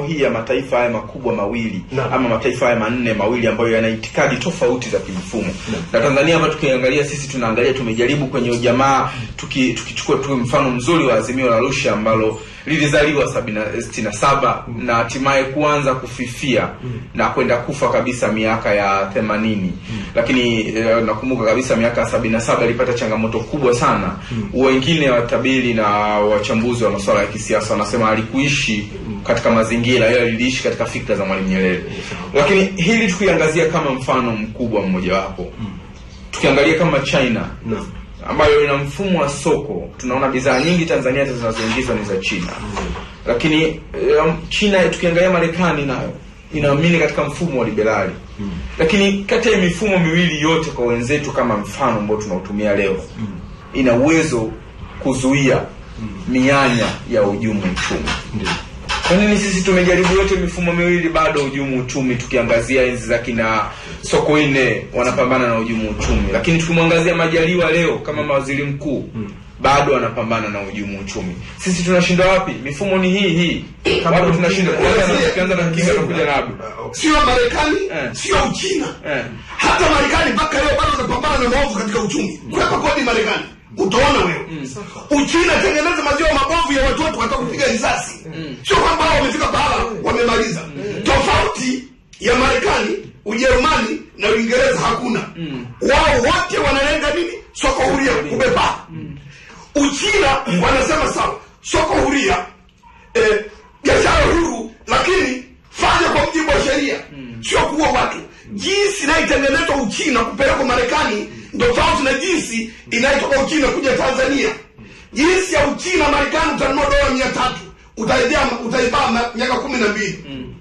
michuano hii ya mataifa haya makubwa mawili na, ama mataifa haya manne mawili ambayo yana itikadi tofauti za kimfumo na, na Tanzania hapa tukiangalia sisi tunaangalia tumejaribu kwenye ujamaa tukichukua tuki tu mfano mzuri wa Azimio la Arusha ambalo lilizaliwa sabina, na saba mm. na hatimaye kuanza kufifia mm. na kwenda kufa kabisa miaka ya themanini mm. lakini e, nakumbuka kabisa miaka sabina saba ilipata changamoto kubwa sana mm. wengine watabiri na wachambuzi wa masuala ya kisiasa wanasema alikuishi katika mazingira yale aliishi katika fikra za Mwalimu Nyerere. Lakini hili tukiangazia kama mfano mkubwa mmojawapo, hmm. tukiangalia kama China ambayo ina mfumo wa soko, tunaona bidhaa nyingi Tanzania zinazoingizwa ni za China. Hmm. Lakini um, China tukiangalia Marekani nayo inaamini katika mfumo wa liberali hmm. Lakini kati ya mifumo miwili yote, kwa wenzetu kama mfano ambao tunautumia leo ina uwezo kuzuia mianya ya ujumu uchumi mm. Kwa nini sisi tumejaribu yote mifumo miwili bado hujumu uchumi? Tukiangazia enzi za kina Sokoine wanapambana na hujumu uchumi, lakini tukimwangazia Majaliwa leo kama mawaziri mkuu hmm. bado wanapambana na ujumu uchumi. Sisi tunashinda wapi? Mifumo ni hii hii, wapi tunashinda tukianza na kinga na kuja na abu, sio Marekani eh. sio Uchina eh. Hata Marekani mpaka leo bado wanapambana na maovu katika uchumi, kulipa kodi Marekani utaona wewe mm. Uchina tengeneza maziwa mabovu ya watu watu risasi mm. Mm. Sio kwamba wamefika bahala wamemaliza mm. Tofauti ya Marekani, Ujerumani na Uingereza hakuna Wao wote wanalenga nini? Soko huria kubeba Uchina wanasema sawa, soko huria eh, huru, lakini fanya kwa mjibu wa sheria Sio kuwa watu. Jinsi naitengenezwa Uchina kupelekwa Marekani ndo tofauti na jinsi inayotoka uchina kuja tanzania jinsi ya uchina marekani utanunua dola mia tatu utaibaa miaka kumi na mbili mm.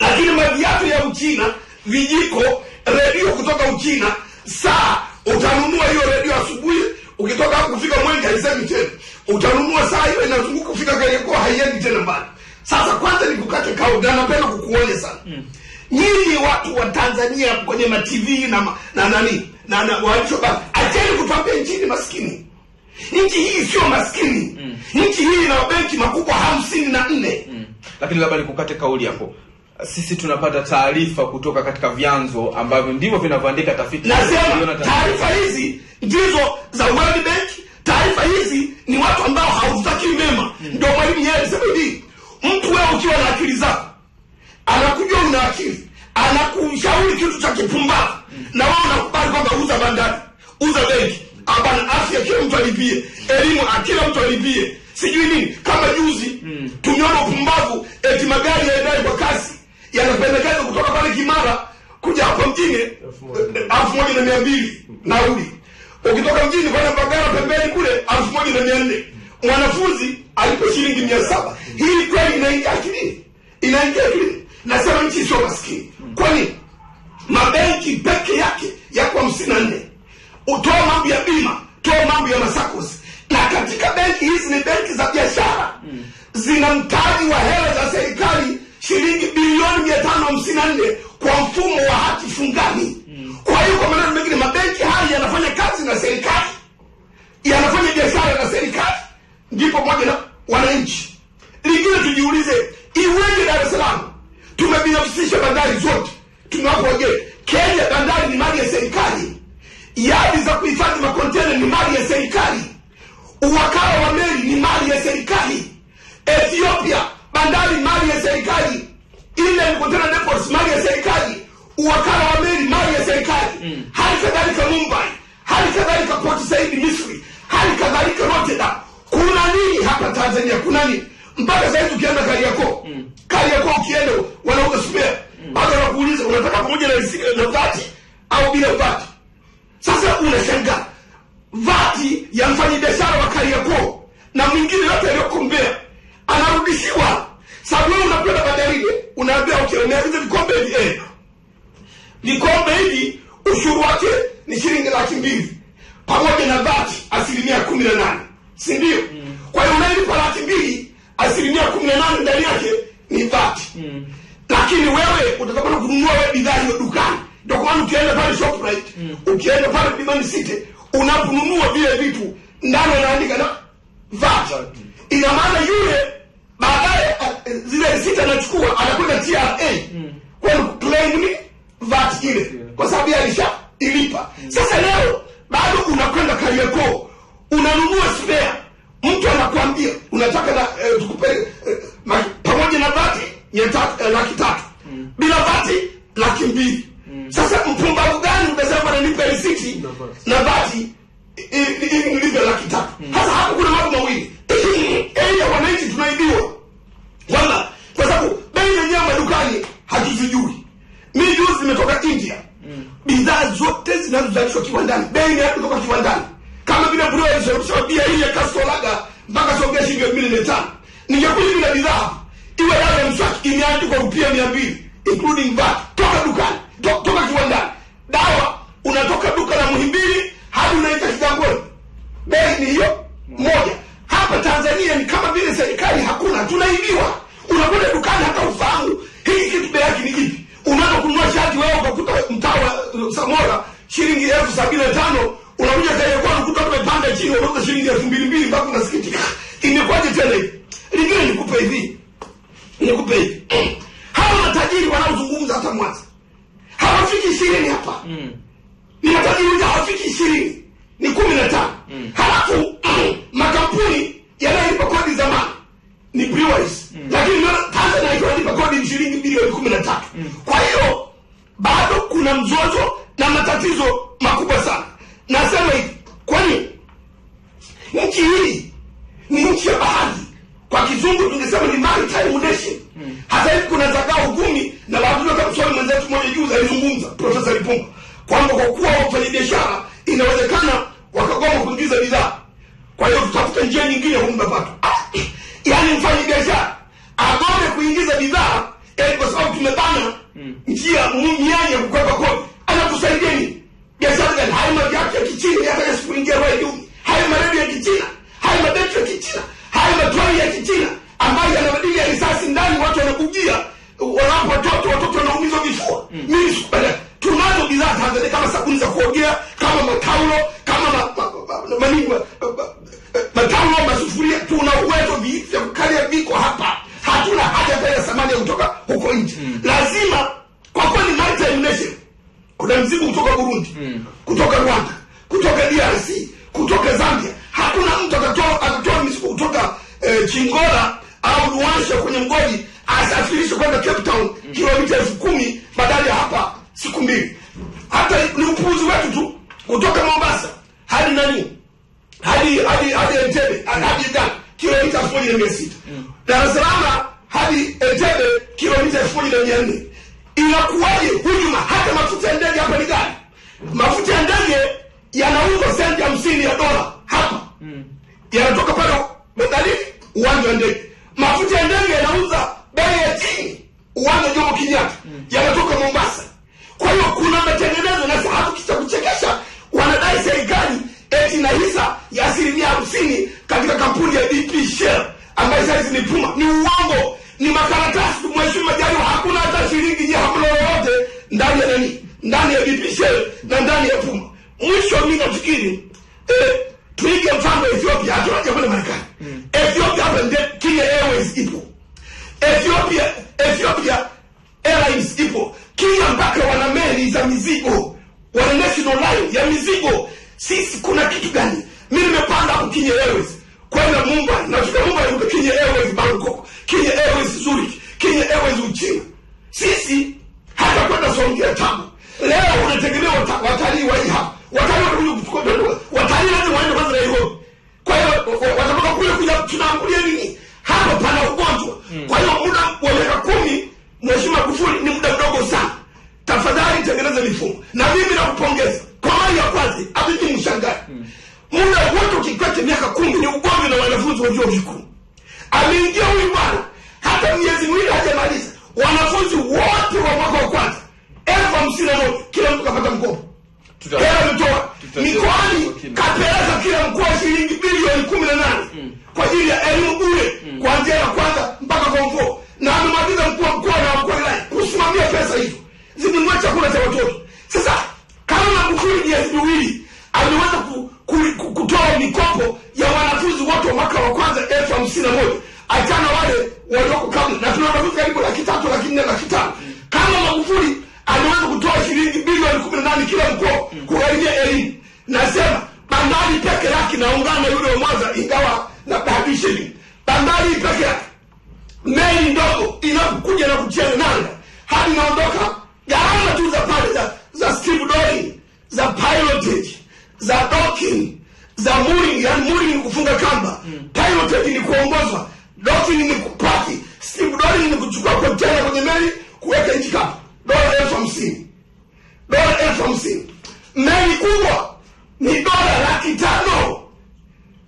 lakini maviatu ya uchina vijiko redio kutoka uchina saa utanunua hiyo redio asubuhi ukitoka kufika mwengi haisemi tena utanunua saa hiyo inazunguka kufika kwenye haiendi tena mbali sasa kwanza nikukate kauli anapenda kukuonya sana mm. nyinyi watu wa tanzania kwenye matv na, na nani na anawaachwa ajali kutwambia nchi injili maskini. Nchi hii sio maskini mm. Nchi hii ina benki makubwa hamsini na nne mm. Lakini labda nikukate kauli hapo. Sisi tunapata taarifa kutoka katika vyanzo ambavyo ndivyo vinavyoandika tafiti. Nasema taarifa hizi ndizo za World Bank. Taarifa hizi ni watu ambao hautakii mema mm. Ndio mwalimu yeye sema hivi, mtu wewe ukiwa na akili zako anakujua una akili anakushauri kitu cha kipumbavu na wewe unakubali kwamba uza bandari uza benki hapana afya kila mtu alipie elimu kila mtu alipie sijui nini kama juzi mm. tumeona upumbavu eti magari yaendae kwa kasi yanapendekeza kutoka pale kimara kuja hapa mjini elfu moja na mia mbili nauli ukitoka mjini kwenda magara pembeni kule elfu moja na mia nne mwanafunzi alipo shilingi mia saba hii kweli inaingia akilini inaingia akilini nasema nchi sio maskini. Kwani mabenki peke yake yako hamsini na nne. Utoa mambo ya bima, toa mambo ya masakos, na katika benki hizi ni benki za biashara zina mtaji wa hela za serikali shilingi bilioni mia tano hamsini na nne kwa mfumo wa hati fungani. Kwa hiyo kwa maneno mengine, mabenki haya yanafanya kazi na serikali, yanafanya biashara na serikali, ndipo makontena ni mali ya serikali, uwakala wa meli ni mali ya serikali. Ethiopia bandari mali ya serikali, ile container depots mali ya serikali, uwakala wa meli mali ya serikali mm. hali kadhalika Mumbai, hali kadhalika Port Said Misri, hali kadhalika Rotterdam. Kuna nini hapa Tanzania? Kuna nini mpaka sasa hivi? Ukienda yako mm. yako ukienda wanauza spare mm. baada ya kuuliza unataka pamoja na na dhati au bila dhati, sasa unashangaa mabaki ya mfanyi biashara wa Kariakoo na mwingine yote aliyoko anarudishiwa. Sababu wewe unapenda bandari ile unaambia ukiona hizo vikombe hivi eh, vikombe hivi ushuru wake ni shilingi laki mbili pamoja na VAT asilimia kumi na nane si ndio? Mm. Kwa hiyo unalipa laki mbili asilimia kumi na nane ndani yake ni VAT mm. Lakini wewe utatakana kununua wewe bidhaa hiyo dukani, ndio kwa maana ukienda pale Shoprite mm. ukienda pale Dimani City unaponunua vile vitu ndani anaandika na VAT. Ina maana yule baadaye zile sita anachukua anakwenda TRA mm. kwenda ni VAT ile kwa sababu alisha ilipa. Sasa leo bado unakwenda Kariakoo unanunua spare shilingi elfu mbili mia tano bila bidhaa iwe dawa ya mswaki imeandikwa rupia mia mbili including VAT toka dukani to, toka kiwandani dawa unatoka duka la Muhimbili hadi unaita Kigamboni bei ni hiyo moja hapa Tanzania ni kama vile serikali hakuna tunaibiwa unakwenda dukani hata ufahamu hii kitu bei yake ni ipi unaanza kununua shati wewe ukakuta mtaa wa uh, Samora shilingi elfu sabini na tano unakuja Kariakoo unakuta tumepanda chini unauza shilingi elfu mbili mbili mpaka unasikitika imekwaje tena hivi? Review nikupe hivi, nikupe hivi, hawa matajiri wanaozungumza hata Mwanza hawafiki ishirini hapa mm. ni matajiri wengi hawafiki ishirini, ni kumi na tano mm. halafu makampuni yanayolipa kodi zamani ni lakini mm. lakini Tanzania ikiwa inalipa kodi shilingi bilioni kumi na tatu mm. kwa hiyo bado kuna mzozo na matatizo makubwa sana. Nasema hivi, kwani nchi hii ni nchi ya bahari, kwa kizungu tungesema ni maritime nation. Hata hivi kuna zakaa uvumi na labda kusoma mwenzetu moja juzi alizungumza Profesa lipunga kwamba kwa kuwa wafanyabiashara inawezekana wakagoma kuingiza bidhaa, kwa hiyo tutafuta njia nyingine ya mapato. Yaani mfanya biashara agome kuingiza bidhaa yani eh, kwa sababu tumebana njia mianya ya kukwepa kodi, anatusaidia nini? Biashara gani? Hayo mavyake ya Kichina yataka sikuingia rai roho hayo maredio ya Kichina Petro Kichina, hayo matuahi ya Kichina ambayo yanabadili ya risasi mita elfu kumi badala ya hapa siku mbili. Hata ni upuuzi wetu tu, kutoka Mombasa hadi nani hadi hadi hadi entebe hadi da kilomita elfu moja na mia sita mm. Dar es salama hadi entebe kilomita elfu moja na mia nne Inakuwaje hujuma? Hata mafuta ya ndege hapa ni gari, mafuta ya ndege yanauzwa senti hamsini ya dola hapa mm. yanatoka pale bandari, uwanja wa ndege. Mafuta ya ndege yanauza bei ya chini uwanja Jomo Kenyatta mm. yanatoka Mombasa. Kwa hiyo kuna matengenezo, na sababu cha kuchekesha, wanadai serikali eti na hisa ya asilimia hamsini katika kampuni ya DP Shell ambayo sasa ni Puma. Ni uongo, ni makaratasi. tu. Mheshimiwa Majaliwa, hakuna hata shilingi je, hakuna lolote ndani ya nani, ndani ya DP Shell na ndani ya Puma. Mwisho mimi nafikiri eh, tuige mfano Ethiopia, hatuaje kwenda Marekani. Mm. Ethiopia hapa ndio Kenya Airways ipo Ethiopia Ethiopia Airlines ipo Kenya, mpaka wana meli za mizigo, wana national line ya mizigo. Sisi kuna kitu gani? Mimi nimepanda hapo Kenya Airways kwenda Mumbai, nachukua Mumbai kwa Kenya Airways Bangkok, Kenya Airways Zurich, Kenya Airways Uchina. Sisi hata kwenda Songea tabu. leo unategemea watalii wa hapa watalii watakuja kuchukua watalii lazima waende kwanza Nairobi. Kwa hiyo watatoka kule kuja tunaangulia nini? hapo pana ugonjwa mm. kwa hiyo muda wa miaka kumi mheshimiwa Magufuli ni muda mdogo sana tafadhali tengeneza mifumo na mimi nakupongeza kwa mali ya kwanzi abidi mshangae mm. muda wote ukikwete miaka kumi ni ugonjwa na wanafunzi wa vyuo vikuu ameingia huyu bwana hata miezi miwili hajamaliza wanafunzi wote wa mwaka wa kwanza elfu hamsini na moja kila mtu kapata mkopo hela ametoa mikoani kapeleza kila mkoa shilingi bilioni kumi na nane mm. kwa ajili ya elimu bure mm. kuanzia ya kwanza mpaka komfo na amemwagiza mkuu wa mkoa na wakuu wilaya kusimamia pesa hizo zinunua chakula cha watoto za pilotage za docking za mooring, yani mooring ni kufunga kamba mm. pilotage ni kuongozwa, docking ni kupaki, stevedoring ni kuchukua kontena kwenye meli kuweka nchi kavu. Dola elfu hamsini dola elfu hamsini meli kubwa ni dola laki tano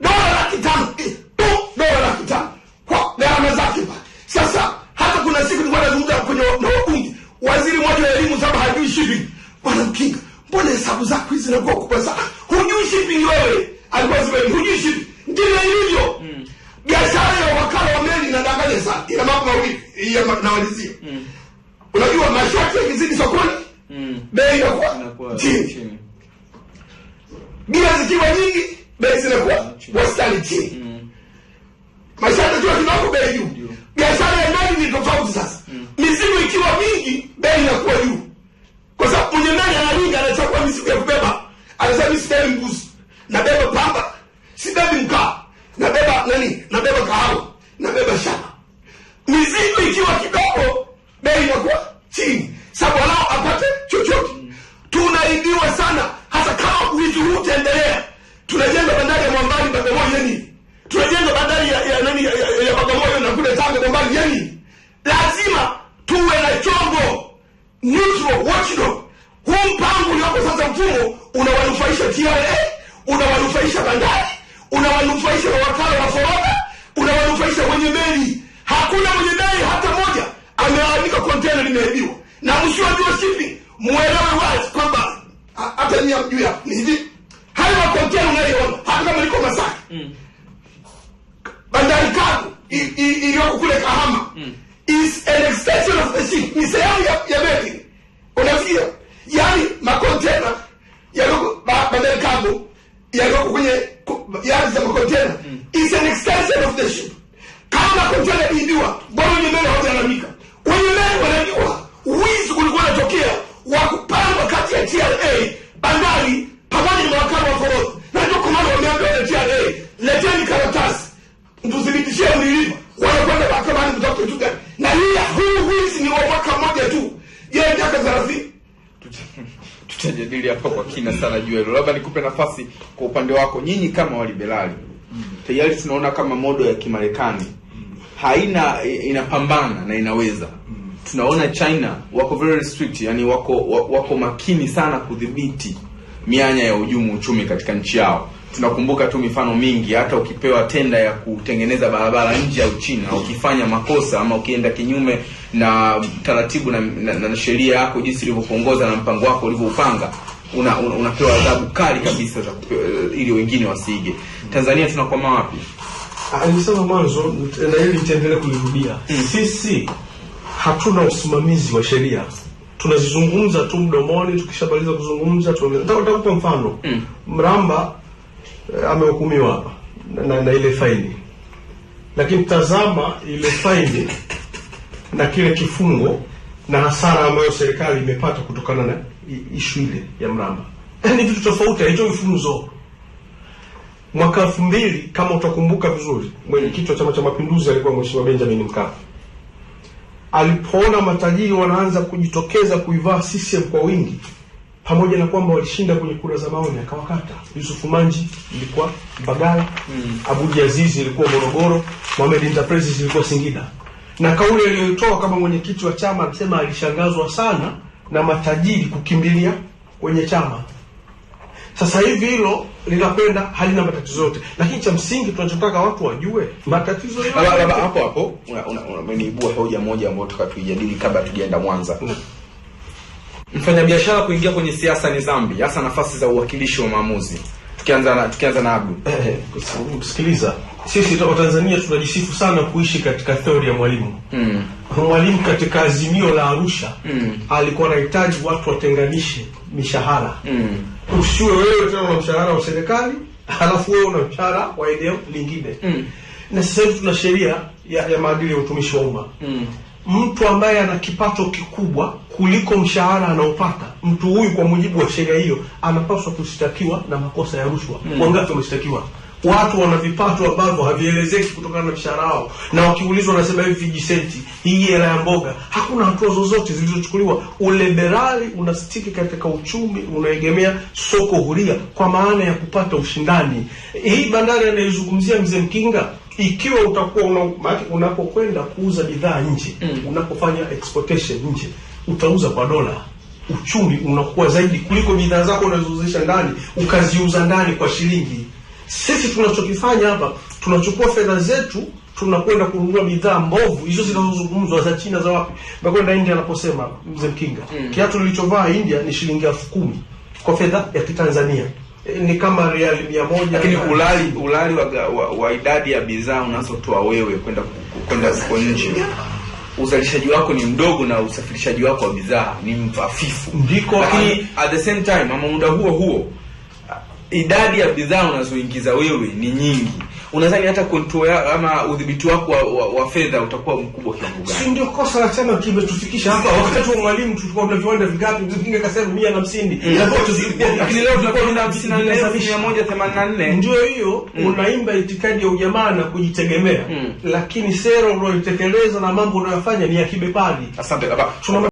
dola laki tano eh, tu dola laki tano kwa gharama zake pa sasa. Hata kuna siku nilikuwa nazungumza kwenye na wabunge, waziri mmoja wa elimu saba hajui shipping bwana wanamkinga mbona hesabu zako hizi zinakuwa kubwa sana hujui shipping wewe alikuwa zimeli hujui shipping ndivyo ilivyo mm. biashara ya wakala wa meli inadanganya sana ina mambo mawili nawalizia mm. unajua mashati yakizidi sokoni mm. bei inakuwa chini bia zikiwa nyingi bei zinakuwa mm, wastani chini mm. mashati akiwa kidogo bei juu biashara ya ndani ni tofauti sasa mm. mizigo ikiwa mingi bei inakuwa juu sibebi mbuzi nabeba pamba sibebi mkaa nabeba nani nabeba kahawa nabeba shamba mizigo ikiwa kidogo bei inakuwa chini sababu wanao apate chochote tunaibiwa sana hasa kama wizi huu utaendelea tunajenga bandari ya mwambani bagamoyo yani tunajenga bandari ya, ya, nani, ya, ya, ya bagamoyo na kule tanga mwambali yani lazima tuwe na chombo neutral watchdog huu mpango ulioko sasa mfumo unawanufaisha TRA, unawanufaisha bandari, unawanufaisha wakala wa forodha, unawanufaisha wenye meli. Hakuna mwenye meli hata moja amelalamika kontena limeibiwa. Na msio ndio shipping, muelewe wazi kwamba hata ni mjui hapo hivi. Hayo makontena unayoona hata kama liko Masaki mm. bandari kago iliyoko kule Kahama mm. is an extension of the ship, ni sehemu ya, ya meli. Unafikia? Yaani makontena yaloko badel cargo yaloko kwenye yard za makontena mm. is an extension of the ship. Kama kontena iibiwa, bora nyemele hoja na upande wako, nyinyi kama waliberali mm. tayari tunaona kama modo ya Kimarekani mm. haina inapambana na inaweza mm. tunaona China wako very strict, yani wako wako makini sana kudhibiti mianya ya ujumu uchumi katika nchi yao. Tunakumbuka tu mifano mingi, hata ukipewa tenda ya kutengeneza barabara nje ya Uchina, ukifanya makosa ama ukienda kinyume na taratibu na, na, na sheria yako jinsi ilivyopongoza na mpango wako ulivyoupanga una, una, unapewa adhabu kali kabisa za uh, ili wengine wasiige. Tanzania tunakwama wapi? Alisema ah, mwanzo na hili nitaendelea kulirudia. Mm. Sisi hatuna usimamizi wa sheria tunazizungumza tu mdomoni, tukishamaliza kuzungumza tutakupa mfano mm. Mramba eh, amehukumiwa na, na, na ile faini, lakini tazama ile faini na kile kifungo na hasara ambayo serikali imepata kutokana na hii shule ya mramba ni vitu tofauti, haitoi funzo. Mwaka elfu mbili kama utakumbuka vizuri, mwenyekiti wa Chama cha Mapinduzi alikuwa Mheshimiwa Benjamin Mkapa. Alipoona matajiri wanaanza kujitokeza kuivaa CCM kwa wingi, pamoja na kwamba walishinda kwenye kura za maoni, akawakata. Yusuf Manji ilikuwa Mbagala, mm. Abuja Azizi ilikuwa Morogoro, Mohamed Enterprises ilikuwa Singida, na kauli aliyoitoa kama mwenyekiti wa chama alisema alishangazwa sana na matajiri kukimbilia kwenye chama. Sasa hivi hilo linakwenda halina matatizo yote, lakini cha msingi tunachotaka watu wajue matatizo yote. Hapo hapo umeniibua hoja moja ambayo tutaka tuijadili kabla tujaenda Mwanza. Mm. Mfanyabiashara kuingia kwenye siasa ni dhambi, hasa nafasi za uwakilishi wa maamuzi. Tukianza na tukianza na Abdu, eh, eh kusikiliza sisi Watanzania tunajisifu sana kuishi katika theori ya Mwalimu. mm. Mwalimu katika Azimio la Arusha mm. alikuwa anahitaji watu watenganishe mishahara mm. usiwe wewe tena na mshahara wa serikali halafu wewe una mshahara wa eneo lingine mm. na sasa hivi tuna sheria ya, ya maadili ya utumishi wa umma mm. mtu ambaye ana kipato kikubwa kuliko mshahara anaopata mtu huyu, kwa mujibu wa sheria hiyo, anapaswa kushtakiwa na makosa ya rushwa. mm. wangapi wameshtakiwa? Watu wana vipato ambavyo havielezeki kutokana na mshahara wao, na wakiulizwa wanasema hivi vijisenti, hii hela ya mboga. Hakuna hatua zozote zilizochukuliwa. Uliberali unastiki katika uchumi unaegemea soko huria, kwa maana ya kupata ushindani. Hii bandari anayezungumzia mzee Mkinga ikiwa utakuwa una, unapokwenda kuuza bidhaa nje mm. unapofanya exportation nje utauza kwa dola, uchumi unakuwa zaidi kuliko bidhaa zako unazozisha ndani ukaziuza ndani kwa shilingi. Sisi tunachokifanya hapa, tunachukua fedha zetu tunakwenda kununua bidhaa mbovu hizo zinazozungumzwa za China za wapi, nakwenda India anaposema mzee Mkinga mm. kiatu nilichovaa India ni shilingi elfu kumi kwa fedha ya Kitanzania eh, ni kama reali 100 lakini ulali ulali wa, wa, wa idadi ya bidhaa unazotoa wewe kwenda kwenda kwa nje uzalishaji wako ni mdogo na usafirishaji wako wa bidhaa ni mfafifu ndiko, lakini at the same time ama muda huo huo idadi ya bidhaa unazoingiza wewe ni nyingi, unadhani hata control ama udhibiti wako wa, wa, wa fedha utakuwa mkubwa gani? Si ndio kosa la chama kimetufikisha hapa. Wakati wa mwalimu tulikuwa tuna viwanda vingapi? Mzinga kasema 150 na mm. leo tunakuwa tuna Ndio hiyo, mm. unaimba itikadi ya ujamaa na kujitegemea, mm. lakini sera unayotekeleza na mambo unayofanya ni ya kibepadi Asante baba.